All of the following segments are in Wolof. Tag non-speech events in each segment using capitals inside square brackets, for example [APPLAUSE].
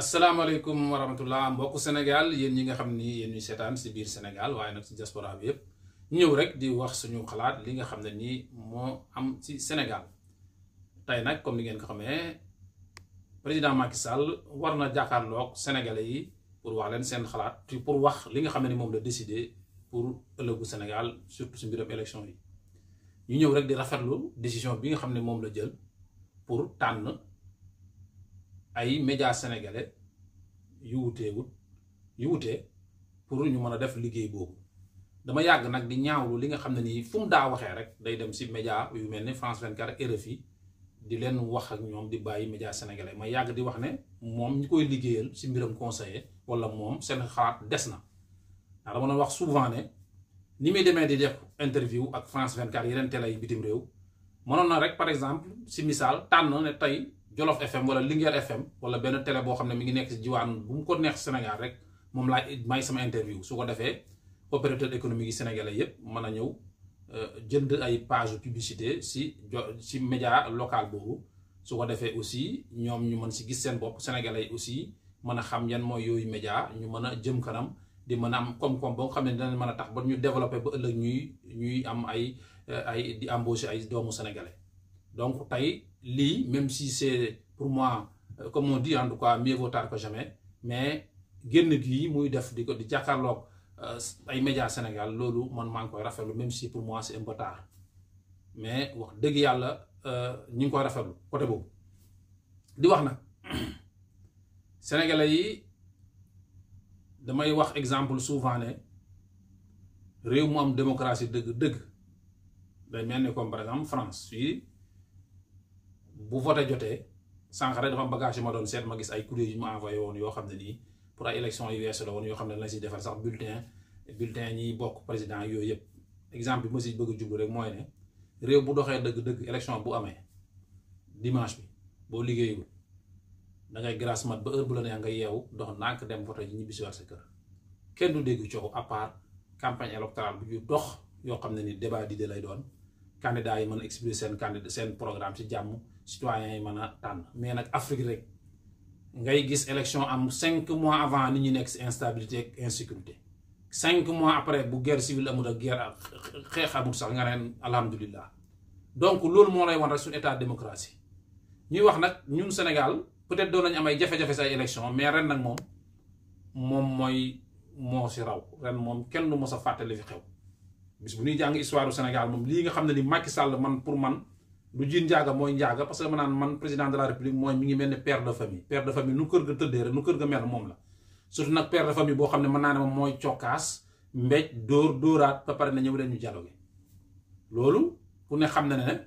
asalaamaaleykum wa rahmatullah mbokku Sénégal yéen ñi nga xam ni yéen ñuy seetaan si biir Sénégal waaye nag si diaspora bi yëpp ñëw rek di wax suñu xalaat li nga xam ne nii moo am ci Sénégal tey nag comme ni ngeen ko xamee président Macky Sall war na jàkkaarloog Sénégalais yi pour wax leen seen xalaat pour wax li nga xam ne moom la décidé pour ëllëgu Sénégal surtout si mbiram élection yi ñu ñëw rek di rafetlu décision bi nga xam ne moom la jël pour tànn. ay média sénégalais yu wuteewut yu wutee pour ñu mëna def liggéey bobu dama yag nak di ñaawlu li nga xamné ni nii da waxé rek day dem ci média yu melni France 24 RFI di len wax ak ñom di bàyyi média sénégalais ma yag di wax né mom ñi koy liggéeyal si mbiram conseiller wala mom seen xalaat des na dama doon wax souvent né ni muy démé di def interview ak France 24 yeneen télé bitim réew mënoon na rek par exemple ci misal tànn né tay Jolof FM wala Linguère FM wala benn télé boo xam ne mi ngi nekk si jiwaan bu mu ko neex Sénégal rek moom laa may sama interview su ko defee opérateur économique yi sénégalais yépp mën a ñëw euh, jënd ay page publicité si jo si média local boobu su ko defee aussi ñoom ñu mën si gis seen bopp sénégalais aussi mën a xam yan mooy yooyu média ñu mën a jëm kanam di mën am koom-koom ba xam ne dinañ mën a tax ba ñu développé ba ëllëg ñuy ñuy am ay ay di embaucher ay doomu sénégalais. Donc, Taï, Li, même si c'est pour moi, euh, comme on dit en tout cas, mieux vaut tard que jamais, mais génn gui, muy def di ko euh, ay médias Sénégal loolu man maa ngi même si pour moi c'est un peu tard mais wax dëgg yàlla euh, ñu ngi koy rafetlu côté boobu. di wax nag [CLEARS THROAT] sénégalais yi damay wax exemple souvent ne réew mu am démocratie dëgg-dëgg day mel comme par exemple France fii. bu vote jotee sànq rek dafa am bagage ma doon seet ma gis ay kuréel yu ma envoyé woon yoo xam ne nii pour ay élection yu weesu la woon yoo xam ne la si defal sax bulletin bulletin ñiy bokk président yooyu yëpp exemple bi ma si bëgg a rek mooy ne réew bu doxee dëgg-dëgg élection bu amee dimanche bi boo liggéeyul da ngay grâce mat ba heure bu la neex nga yeewu dox nànk dem vote ji ñibbi si war sa kër kenn du dégg coow à part campagne électorale bu ñu dox yoo xam ne ni débat d'idées lay doon candidat yi mën a seen candidat seen programme ci jàmm citoyens yi tan mais nak Afrique rek ngay gis élection am 5 mois avant ni ñu nekk instabilité ak insécurité 5 mois après bu guerre civile amul ak guerre xeex amul sax nga neen alhamdulillah donc lool mo lay won rek suñu état démocratie ñuy wax nak ñun Sénégal peut-être do nañ am ay jafé jafe si élection mais ren nak mom mom moy mo ci raw ren mom kenn du mos a fàtte li fi xew bis bu ñuy jang histoire du Sénégal mom li nga xamné ni Macky Sall man pour man lu jiin njaaga mooy njaaga parce que ma naan man président de la république mooy mi ngi mel ne père de famille père de famille nu kër ga tëddee rek nu kër ga mel moom la surtout nag père de famille boo xam ne mën naa ne moom mooy cokkaas mbéj dóor dóoraat ba pare na ñëw leen ñu dialogue loolu ku ne xam na ne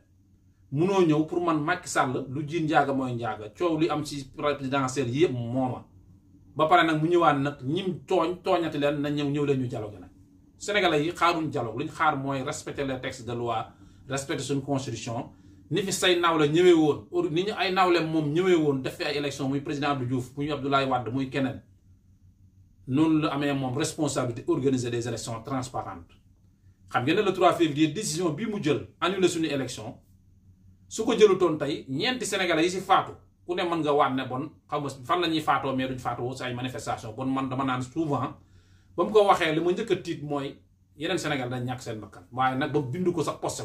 munoo ñëw pour man Macky Sall lu jiin njaaga mooy njaaga coow li am ci présidentielle yi yëpp mooma ba pare nag mu ñëwaan nag ñim tooñ tooñati leen na ñëw ñëw leen ñu dialogue nag sénégalais yi xaaruñ dialogue luñ xaar mooy respecter les textes de loi respecter suñu constitution ni fi say nawle ñëwee woon ni ñu ay nawle moom ñëwee woon def fi ay élection muy président Abdou Diouf muy Abdoulaye Wade muy keneen noonu la amee moom responsabilité organiser des élections transparentes xam ngeen la le 3 février décision bii mu jël annulé suñu élection su ko toon tey ñeenti sénégal yi si faatu ku ne mën nga waat ne bon xam nga fan la ñuy faatoo mais duñ faatoo si ay manifestation bon man dama naan souvent ba mu ko waxee li ma njëkk a tiit mooy yeneen Sénégal dañ ñàkk seen bakkan waaye nag ba bind ko sax posté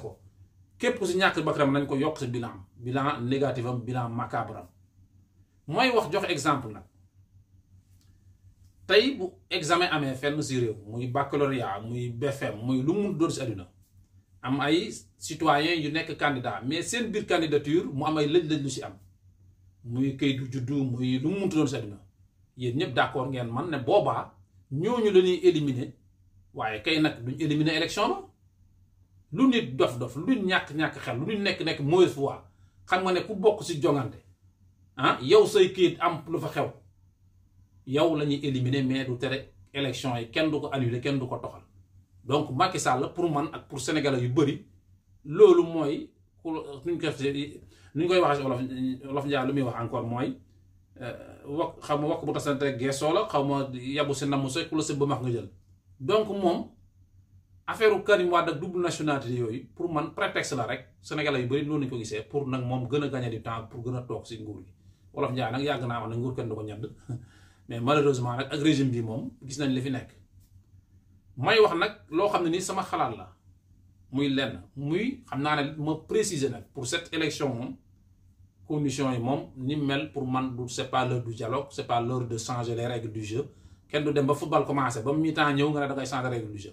képp ku si ñàkk bakkanam nañ ko yokk si bilan bilan négatif am bilan macabre am mooy wax jox exemple nag tey bu examen amee fenn si réew muy baccalauréat muy BFM muy lu mu doon si àdduna am ay citoyen yu nekk candidat mais seen biir candidature mu am ay lëj-lëj lu si am muy këy du juddu muy lu mu munti doon si àdduna yéen ñëpp d'accord ngeen man ne boobaa ñooñu la ñuy éliminer waaye kay nag duñ éliminer élection ba lu nit dof-dof lu ñak ñak xel lu ne ku bok ci jongante han ah, yow say kit am lu fa xew yow lañu éliminer mais du téré élection yi kenn duko annuler kenn donc pour man ak pour sénégalais yu lolu moy koy wax lu mi wax encore mooy euh, wax bu tassante gesso la yabu namu donc affaire Karim wad ak double nationalité yoy pour man prétexte la rek sénégalais yu bari noonu lañu ko gissé pour nak mom gëna gagner du temps pour gëna tok ci nguur gi wolof ñaan nak yag na wax nag nguur kenn du ko [LAUGHS] mais malheureusement nak ak régime bi mom gis nañ li fi nek may wax nak lo xamni ni sama xalaat la muy lenn muy xamna na ma préciser nak pour cette élection mom commission yi mom ni mel pour man du c'est pas l'heure du dialogue c'est pas l'heure de changer les règles du jeu kenn du dem ba football commencer ba mi temps ñew nga da ngay changer règles du jeu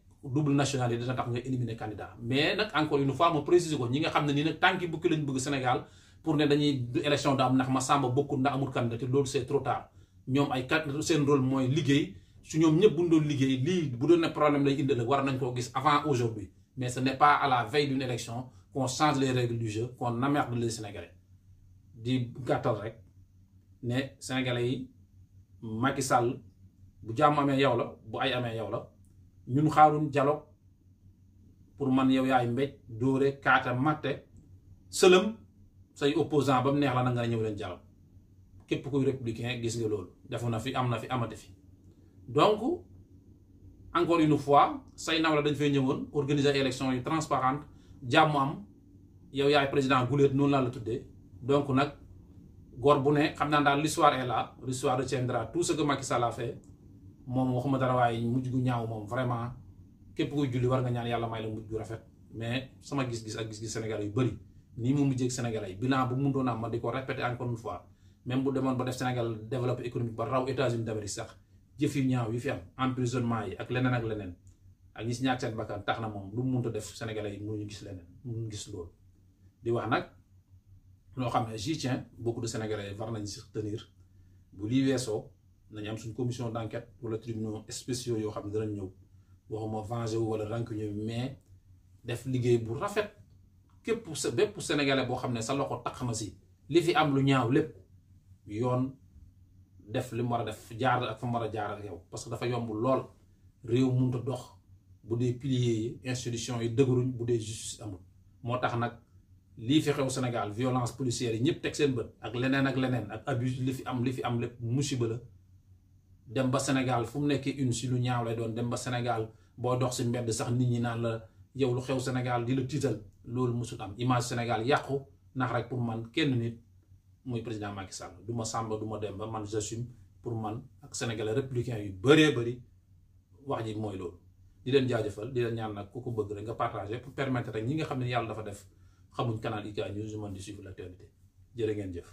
double nationalité dina tax nga éliminer candidat mais nak encore une fois ma préciser ko ñi nga xamné ni nak tanki tànki bukki lañ bëgg Sénégal pour né dañuy élection da am nak ma sàmba bokkul ndax amul candidat lool c'est trop tard ñom ay kat sen rôle moy liggéey su ñom ñepp bu ndol doon liggéey lii bu doon ne problème lay indil war nañ ko gis avant aujourd'hui mais ce n'est pas à la veille d'une élection qu'on change les règles du jeu qu'on emmerde les Sénégalais di gattal rek né Sénégalais yi Macky Sall bu jàmm amé yow la bu ay amé yow la ñun un dialogue pour man yow yaay mbéj kaata matte sëlëm say opposant bam neex la nga leen dialogue képp républicain gis nga donc encore une fois say naw dañ fay ñëwoon organiser élection transparente jàmm am yow yaay président guléet noonu laa donc nag gor bu ne xam l'histoire est là l'histoire retiendra tout ce que Macky Sall a fait mom waxuma dara way mujj gu ñaaw mom vraiment kep kuy julli war nga ñaan yalla may la mujj gu rafet mais sama gis-gis ak gis-gis Sénégal yu bari ni mu mujjee ak Sénégal ay bilan bu mundo na ma diko répéter encore une fois même bu demone ba def Sénégal développer économique ba raw États-Unis d'Amérique sax jëf yu ñaaw yu fi am emprisonnement yi ak lenen ak lenen ak gis ñaak ñàkk bakkar taxna mom lu mu def yi gis lenen mu gis lool di wax nak lo xam j'y tiens beaucoup de Sénégalais war nañ tenir bu li wesso nañu am suñ commission d'enquête enquête wala tribunal spéciaux yo xam ne danañ waxuma vengé wu wala rancunier mais def liguey bu rafet képp sa bépp sénégalais bo xamné sa loxo taq na si li fi am lu ñaaw lepp yoon def li mu def jaar ak fa mu jaar ak yow parce que dafa yomb lool réew mënut a dox bu dee piliers institution yi deugruñ bu dee justice amul moo tax nag. lii fi xew Sénégal violence policière yi ñëpp teg seen bët ak lenen ak lenen ak abus li fi am li fi am lepp musibe la dem ba senegal fum nek une ci lu ñaaw lay doon dem ba ya bo dox ci mbedd sax nit ñi naan la yow lu xew senegal di le titel loolu musul am image senegal yaqku nak rek pour man kenn nit muy president Macky Sall duma samba duma dem ba man j'assume pour man ak sénégalais républicain yu bëree bëri wax ji moy loolu di len jaajeufal di len ñaan nak ku ko bëgg rek nga partager pour permettre rek ñi nga xamni yalla dafa def xamuñ canal IK News man di suivre l'actualité jërë ngeen jëf